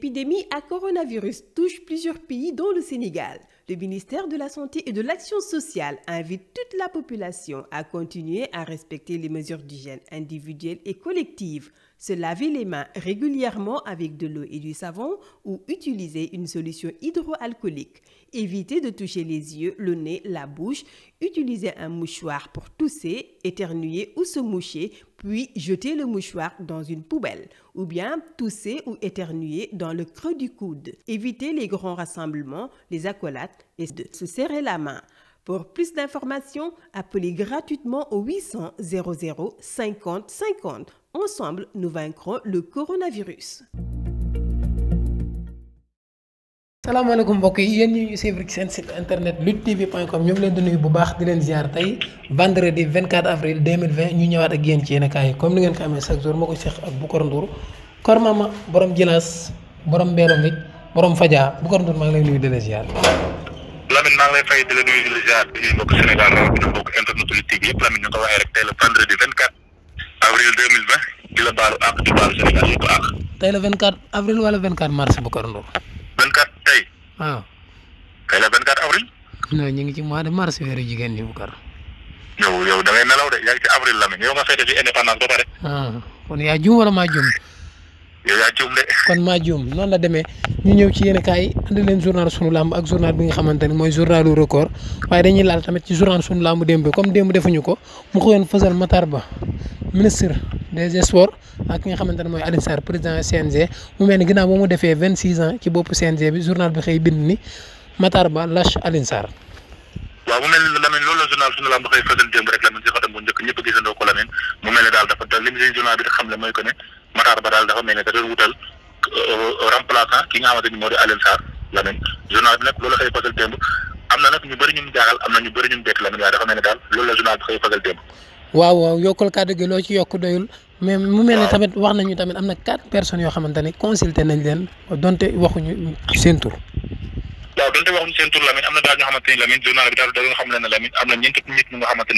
L'épidémie à coronavirus touche plusieurs pays dont le Sénégal. Le ministère de la Santé et de l'Action sociale invite toute la population à continuer à respecter les mesures d'hygiène individuelles et collectives se laver les mains régulièrement avec de l'eau et du savon ou utiliser une solution hydroalcoolique, éviter de toucher les yeux, le nez, la bouche, utiliser un mouchoir pour tousser, éternuer ou se moucher, puis jeter le mouchoir dans une poubelle, ou bien tousser ou éternuer dans le creux du coude, éviter les grands rassemblements, les accolades et de se serrer la main. Pour plus d'informations, appelez gratuitement au 800 00 Ensemble, nous vaincrons le coronavirus. salaamaaleykum mbokk yi yéen ñuy suivre ci seen site internet luttetv.com ñu ngi leen di nuyu bu baax di leen ziar tey vendredi 24 avril 2020 ñu ñëwaat ak yéen ci yéen kaay yi comme ni ngeen ko amee chaque jour moo ko seq ak Boucar Ndour Kor Mama borom Jilaas borom Mbeelo Ngij borom Fadia Boucar Ndour maa ngi lay nuyu di la ziar. maa ngi lay fay di la nuyu di la ziar di nuyu mbokk Sénégal rawatina mbokk internet Lutte TV yëpp Lamine ñu ngi ko waxee rek tey le vendredi avril 2020 di la baalu àq di baalu Sénégal yëpp àq. tey la 24 avril wala 24 mars Boucar Ndour. 24 tey. waaw. tey la 24 avril. non ñu ngi ci mois de mars weeru jigéen ñi Boucar. yow yow da ngay de yaa ngi ci avril la mi yow nga fay def indépendance ba pare. Ah, kon yaa juum wala maa juum. yow yaa juum kon maa juum noonu la demee ñu ñëw ci yéen kaay andi leen journal sunu làmb ak journal bi nga xamante ne mooy journalu record waaye dañuy laal tamit ci journal sunu làmb démb bi comme démb defuñu ko mu xëyoon fësal Matar Ba ak ki nga xamante ne mooy Alioune Sarr président CNG mel ni ginnaaw ba mu defee vingt six ans ci boppu CNG bi journal bi xëy bind ni Matar Ba lâche Alioune Sarr. mu mel ni loolu la journal sunu làmb xëy fësal démb rek Lamine si xatam bu njëkk ñëpp gisandoo ko Lamine mu mel ni daal dafa Matar ba daal dafa mel ne da doon wutal euh, remplaçant ki nga xamante moo di Alioune Sarr journal bi nag loolu xëy fasal démb am na nag ñu bëri ñu mu am na ñu tamit am na quatre personnes yoo xamante ne nañ leen donte waxuñu seen waaw donte waxuñu seen tur am na daal ñu nga xamante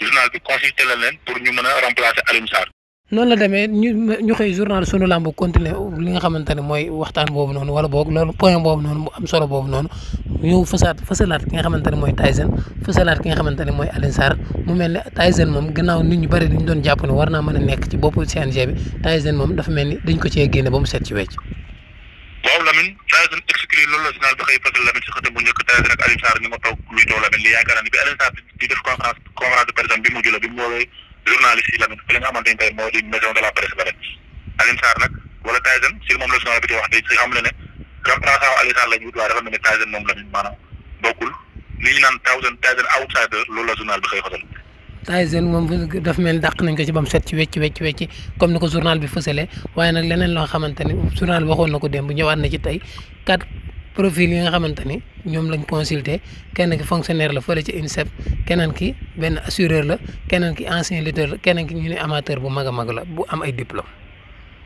journal bi consulté la leen pour ñu mën a remplacer Alioune noonu la demee ñu ñu xëy journal sunu làmb continuer li nga xamante ne mooy waxtaan boobu noonu wala boog loolu point boobu noonu mu am solo boobu noonu ñëw fësaat fësalaat ki nga xamante ne mooy Tyson fësalaat ki nga xamante ne mooy Alioune Sarr mu mel ne Tyson moom gannaaw nit ñu bëri ñu doon jàpp ne war naa mën a nekk ci boppu CNG bi Tyson moom dafa mel ni dañ ko cee génne ba mu set ci wecc waaw Lamine Tyson exclu loolu la journal bi xëy fësal toog luy toog Lamine de presse bi mujj la bi journaliste yi la li nga xamante ni tey moo di maison de la presse ba rek Alioune Sarr nag wala Tyson si moom la journal maanaam bokkul li ñu naan Tyson Tyson outsider loolu la journal bi xëy xasal. Tyson moom daf mel dàq nañ ko ci ba set ci wecc wecc comme ni ko journal bi fësalee waaye nag leneen loo xamante ni journal bi waxoon na ko démb ñëwaat na ci tey quatre profil yi nga xamante ni ñoom lañ consulter kenn ki fonctionnaire la fële ci INSEP keneen ki benn assureur la keneen ki ancien lutteur la keneen ki ñu ne amateur bu mag a mag la bu am ay diplôme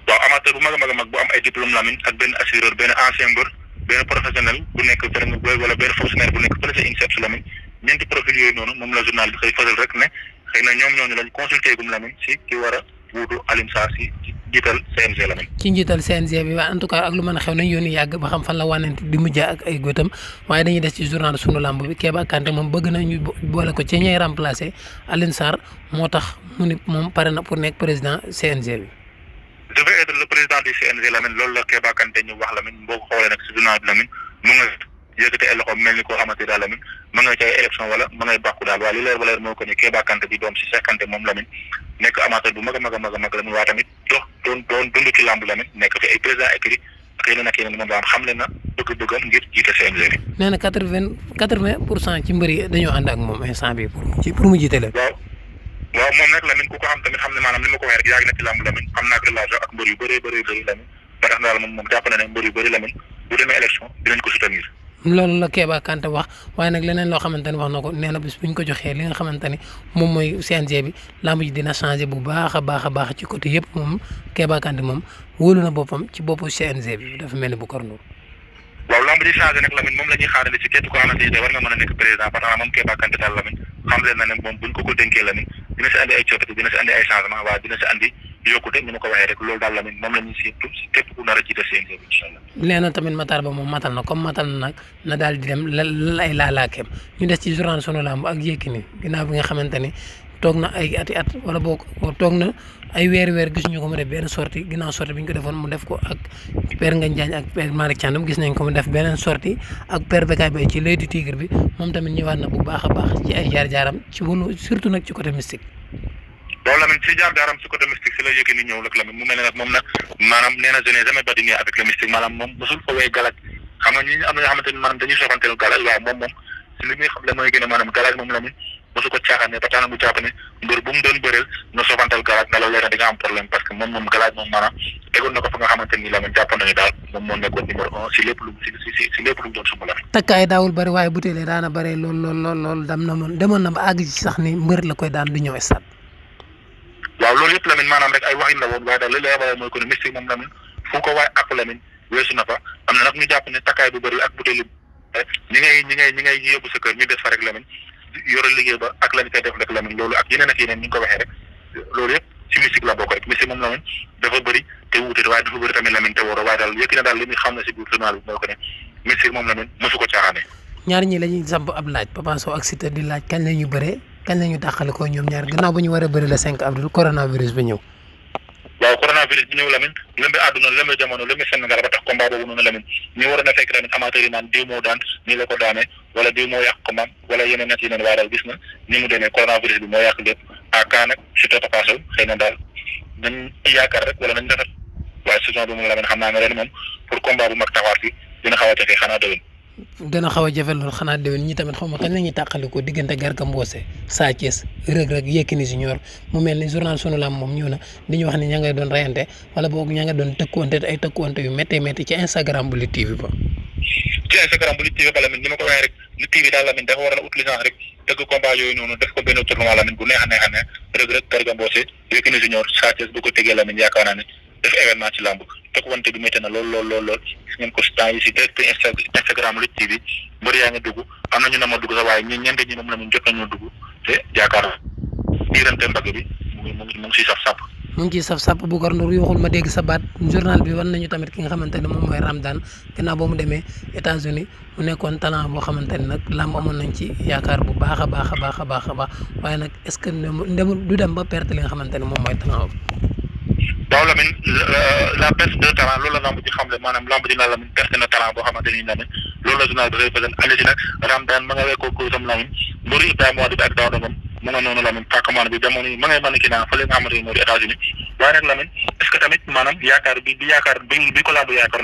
waaw amateur bu mag a mag a mag bu am ay diplôme Lamine ak benn assureur benn ancien mbër benn professionnel bu nekk benn wala benn fonctionnaire bu nekk fële ci INSEP Lamine ñeenti profil yooyu noonu moom la journal bi xëy fasal rek ne xëy na ñoom ñooñu lañ consulter gum Lamine si ki war a wuutu Alioune si njiital CNG la mel. ci njiital CNG bi waaye en tout cas ak lu mën a xew nañ yàgg ba xam fan la wànnante di mujj ak ay góotam waaye dañuy des ci journal sunu làmb bi Keba Kanté moom bëgg nañu boole ko ci ñay remplacer Alioune moo tax mu ni moom pare na pour nekk président CNG bi. je vais être le président du CNG Lamine loolu la Keba Kanté ñu wax Lamine boo ko xoolee nag si journal bi Lamine mu yëkkati ay loxo mel ni koo xamante daal Lamine ma nga cay élection wala ma ngay bàkku daal waaye li leer ba leer moo ko ne Keba Kanté bi doom si Cheikh Kanté moom Lamine nekk amateur bu mag a mag a mag a mag xam leen na bëgg-bëggam ngir jiite CNG bi. nee quatre vingt quatre vingt pour cent ci mbër yi ànd ak moom instant bi pour mu ci waaw waaw moom nag Lamine ku ko xam tamit xam ne maanaam ni ma ko waxee rek yàgg ne mbër bu demee loolu la Keba kante wax waaye nag leneen loo xamante ne wax na ko nee na bis bu ñu ko joxee li nga xamante ne moom mooy CNG bi lamb ji dina changé bu baax a baax a baax ci côté yëpp moom Keba Kanté moom wóolu na boppam ci boppu CNG bi mel ni bu kornoo. waaw lamb ji changé a nekk président parce que moom Keba Kanté daal Lamine xam leen na ne moom buñ ko ko dénkee Lamine dina si andi ay coppite dina si andi ay changement waaw dina si andi. yokkute loolu daal la moom la ñuy seetlu si képp ku nar a jiite CNG na tamit Matar Ba moom matal na comme matal na nag na daal di dem la lay laalaakeem ñu des ci journal sunu lamb ak Yékini ginnaaw bi nga xamante ni toog na ay ati at wala boo toog na ay weer weer gisuñu ko mu def benn sortie ginnaaw sortie bi ñu ko defoon mu def ko ak Père Ngagne Diagne ak Père Malick Thiandoum gis nañ ko mu def beneen sortie ak Père Bécaye ci L'Oeil du Tigre bi moom tamit ñëwaat na bu baax a baax ci ay jaar-jaaram ci wàllu surtout nag ci côté loolu Lamine si jaar daaram si côté mystique si la yëg ni ñëw nag Lamine mu mel ne moom nag maanaam nee na je n'ai jamais avec le mystique moom moom moom si li muy xam le mooy doon bëreel la leer takkaay daawul bëri waaye bu daana bëree lool lool dam na moon demoon na ba àgg sax ni mbër la koy daan du ñëw sat loolu yëpp Lamine maanaam rek ay waxin la woon waaye daal li lay waxee mooy que ne mystique moom Lamine fu ko waaye àpp Lamine weesu na fa am na nag ñu jàpp ne takkaay bu bëri ak butéeli ñi ba ak lañ koy def rek Lamine loolu ak yeneen ak yeneen ñu ko waxee rek loolu yëpp ci mystique la bokk rek mystique moom Lamine dafa bëri te wuute waaye dafa bëri tamit Lamine te wóoroo waaye daal yëkk na daal li muy xam ne si biir journal bi mooy que ne mystique moom Lamine mosu ko caaxaane ñaar ñi la kañ la ñu tàqale ñoom ñaar gannaaw ba ñu war a bëri le 5 avril coronavirus bi ñëw. waaw coronavirus bi ñëw Lamine lëmbe àdduna lëmbe jamono lëmbe Sénégal ba tax combat a fekk tamit amateur yi naan diw moo daan nii la ko daanee wala diw moo yàq ko maam wala yeneen ak yeneen waaye daal gis na ni mu demee coronavirus bi moo yàq lépp à nag surtout Papa xëy na daal nañ yaakaar rek wala nañ defar waaye saison moom Lamine xam naa ne ren moom pour combat bu mag bi dina xaw a jafe xanaa dana xaw a jafe lool xanaa déwén ñi tamit xaw ma kañ la ñuy tàqali ko diggante Garga Mbossé Sa Thiès rëg mu mel ni journal sunu lam moom ñëw na di ñu wax ni ña ngay doon rayante wala boog ña nga doon tëkkuwante ay tëkkuwante yu méttee métti ci Instagram bu Lutte TV ba. ci Instagram bu Lutte TV ba Lamine ni ma ko waxee rek Lutte TV daal Lamine dafa war a ut rek tëgg combat yooyu noonu def ko benn tournoi Lamine bu bu ko tegee Lamine yaakaar naa ne lool lool lool lool gis ngeen ko si temps yi si direct Instagram Lutte TV mbër yaa ngi dugg am na ne ma dugg sax waaye ñun ñi moom la ma jot nañu dugg te jaakaar bi mu ngi mu ngi ngi siy saf sàpp. mu ngi ciy saf sàpp bu Boucar ma dégg sa baat journal bi wan nañu tamit ki nga xamante ne moom mooy Ramdan gannaaw ba mu demee États-Unis mu nekkoon talent boo xamante ne nag làmb amoon nañ ci yaakaar bu baax a baax a baax a baax a baax waaye nag est-ce que ndemul du dem ba perte li nga xamante ne moom mooy talent Daaw Lamine la perte de loolu la lamb ji xam le maanaam lamb ji naa Lamine perte na talent boo xamante ni Lamine loolu la journal bi ma nga wekkoo kursam Lamine mbëru bi ak Daouda Ngom mu nga noonu a kii maanaam yaakaar bi bi yaakaar bi bi ko lamb yaakaar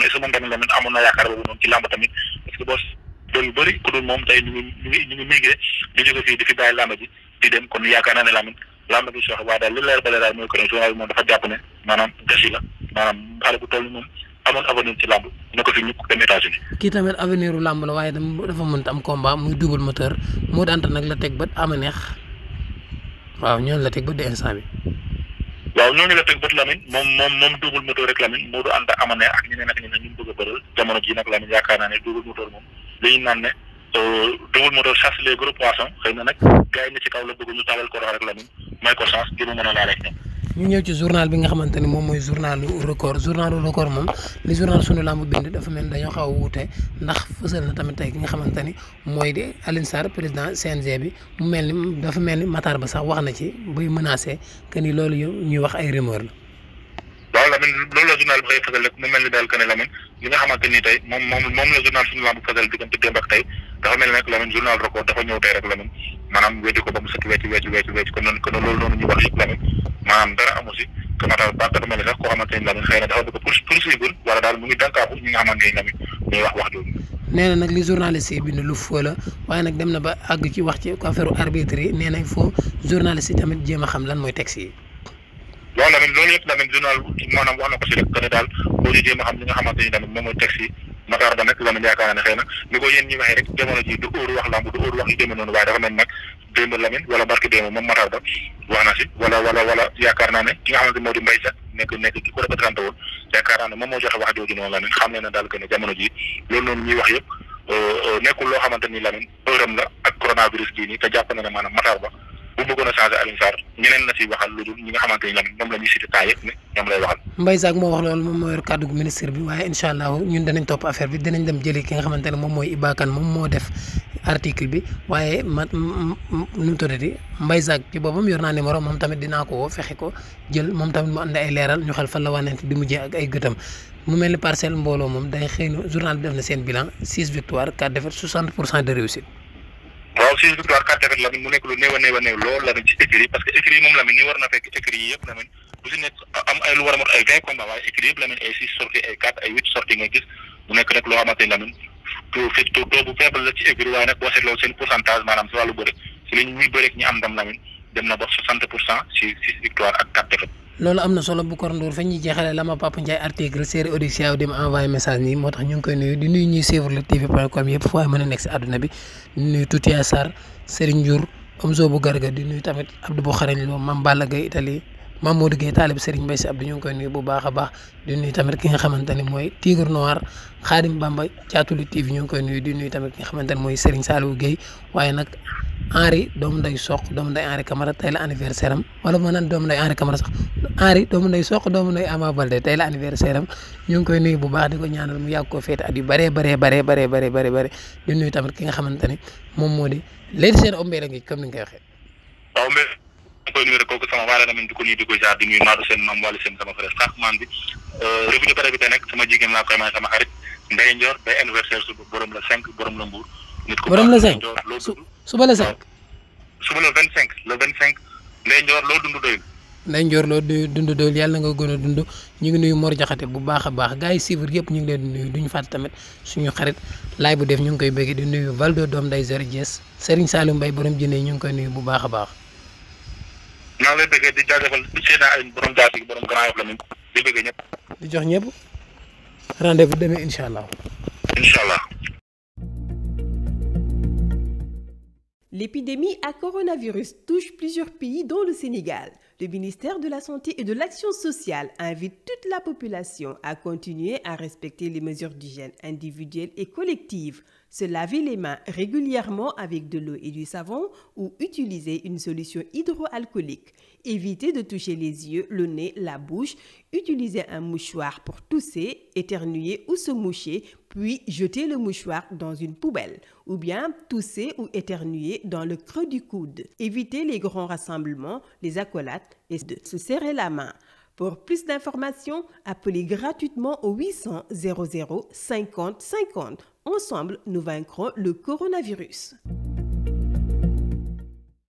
naa ne Lamine làmb gi sooxe waaye daal li leer ba leer daal mooy que ne journal bi moom dafa jàpp ne maanaam gasi la maanaam xale bu toll moom amoon avenir ci làmb na ko fi ñu dem États-Unis kii tamit avenir u làmb la waaye dafa mënta am combat muy double moteur moo daanta nag la teg bët ama neex waaw ñooñu la teg bët di instant bi waaw ñooñu la teg bët Lamine moom moom moom double moteur rek Lamine moo du ànd ama neex ak ñeneen ak ñeneen ñu bëgg a bëral jamono ji nag Lamine yaakaar naa ne double moteur moom li naan ne euh, double moteur chasse les xëy na nag gars yi ci kaw la ñu taalal ko rek Lamine may ko chance ngir mu a laal ak ñu ñëw ci journal bi nga xamante ni moom mooy journalu record journalu record moom li journal sunu lamb bind dafa mel ni dañoo xaw a ki nga xamante ni mooy di Alioune Sarr président CNG bi mu mel ni dafa mel ni Matar Ba sax wax na ci buy menacé que ni loolu ñuy wax ay rumeur la. waaw Lamine loolu la journal bi xëy fësal rek mu mel ni daal que ne Lamine li nga xamante ni tey moom moom moom la journal sunu lamb fësal diggante démb tey dafa mel ni nag Lamine journal record dafa ñëw tey rek Lamine. maanaam wecc ko ba mu sëkk wecc wecc wecc wecc kon noonu kon loolu noonu ñu wax yëpp Lamine maanaam dara amu si que Matar Ba dafa mel sax koo xamante ne Lamine xëy na dafa bëgg pour poursuivre wala daal mu ngi wax wax jooju. nee na nag li journaliste yi bind lu foo waaye nag dem na ba àgg ci wax ci affaire arbitre yi foo journaliste yi tamit jéem a xam lan mooy texte yi. waaw Lamine loolu yëpp Lamine journal maanaam wax na ko si rek que ne daal boo jéem a xam li nga xamante ne Lamine moom mooy texte yi Matar ba nag Lamine yaakaar naa ne xëy na ni ko yéen ñi waxee rek jamono ji du óoru wax lamb du óoru wax yu demee noonu waaye dafa mel nag démb Lamine wala barki démb moom Matar ba wax na si wala wala wala yaakaar naa ne ki nga xamante moo di mbay sax nekk nekk ki ko représenté woon yaakaar naa ne moom moo joxe wax jooju noonu Lamine xam ne na daal que ne jamono ji loolu noonu ñuy wax yëpp euh, euh, nekkul loo xamante ni Lamine ërëm la ak coronavirus bii te jàpp na ne maanaam Matar bu bëggoon a changé Alioune Sarr ñeneen la siy waxal lu dul nga xamante ni ñoom la ñuy cité temps yëpp ne ñoom lay moo wax loolu moom moo yor kàddu gu ministre bi waaye incha allah ñun danañ topp affaire bi dinañ dem jëli ki nga xamante ne moom mooy Iba Kane moom moo def article bi waaye ma nu mu tuddati Mbaye Sakho ci boppam yor naa numéro moom tamit dinaa ko fexe ko jël moom tamit mu andi ay leeral ñu xel fan la wànnante di mujjee ak ay gëtam. mu ni parcelle mbooloo moom day xëy na journal na seen bilan six victoires quatre défaites soixante pour cent de waaw six victoire quatre défaites Lamine mu nekk lu néew a néew a néew loolu Lamine ci écurie yi parce que écurie yi moom Lamine ni war na fekk écurie yi yëpp Lamine bu nekk ay lu war ay vingt ay six sorties ay gis mu nekk rek loo xamante ni Lamine taux taux bu faible la ci écurie waaye nag boo seetloo seen pourcentage maanaam si wàllu bëre si la ñuy bëreeg ñi am ndam Lamine dem na ba soixante pour cent si victoire ak quatre défaites loolu am na solo bu Kor Ndour fa ñuy jeexalee la ma Papa Ndiaye article série Odysseus di ma envoyé message nii moo tax ñu ngi koy nuyu di nuyu ñuy suivre luttetv.com yëpp foo mën a nekk si àdduna bi di nuyu Toutia Sarr Serigne Ndiour Omzo bu Garga di nuyu tamit Abdou bu xarañ Lo Mame Balla Gaye Italie Mamadou Gueye taalib Serigne Mbaye Sy Abdou ñu ngi koy nuyu bu baax a baax di nuyu tamit ki nga xamante ne mooy Tigre Noir Xaadim Bamba Caatuli TV ñu ngi koy nuyu di nuyu tamit ki nga xamante ne mooy Serigne Saliou Gueye waaye nag Henri doomu nday soq doomu nday Henri Camara tey la anniversaire am wala ma naan doomu nday Henri Camara sax Henri doomu nday soq doomu nday Ama Baldé tey la anniversaire am ñu ngi koy nuyu bu baax di ko ñaanal mu yàgg ko féete at yu bëree bëree bëree bëree bëree bëree bëri di tamit ki nga xamante ne moom moo di léegi seen ombee la ngi comme ni nga koy waxee koy nuyu rek kooku sama waale la man di ko nuyu di ko jaar di nuyu Maodo seen sama frère sax maam bi euh, revue de presse bi la 5 borom la Mbour. nit ku borom la 5 su suba la 5. suba la 25 le 25 Ndeye Ndior loo dund doyul. Ndeye Ndior loo dund doyul yàlla nga gën a dund ñu ngi nuyu Mor Jaxate bu baax a baax gars yi suivre yëpp ñu ngi leen di nuyu duñu fàtte tamit suñu xarit laay bu def ñu ngi koy bëgg di nuyu Valdo doom day Zere Diès Serigne Saloum Mbaye borom jëne ñu ngi koy bu baax a baax. maa ngi lay bëggee di jaajëfal seen ay borom jaasi borom grand yof la ñu di bëggee ñëpp. di jox ñëpp rendez-vous demee incha allah. incha allah. L'épidémie à coronavirus touche plusieurs pays dont le Sénégal. le ministère de la Santé et de l'Action sociale invite toute la population à continuer à respecter les mesures d'hygiène individuelles et collectives, se laver les mains régulièrement avec de l'eau et du savon ou utiliser une solution hydroalcoolique, éviter de toucher les yeux, le nez, la bouche, utiliser un mouchoir pour tousser, éternuer ou se moucher, puis jeter le mouchoir dans une poubelle, ou bien tousser ou éternuer dans le creux du coude. Éviter les grands rassemblements, les accolades et de se serrer la main. Pour plus d'informations, appelez gratuitement au 800 00 50 50. Ensemble, nous vaincrons le coronavirus.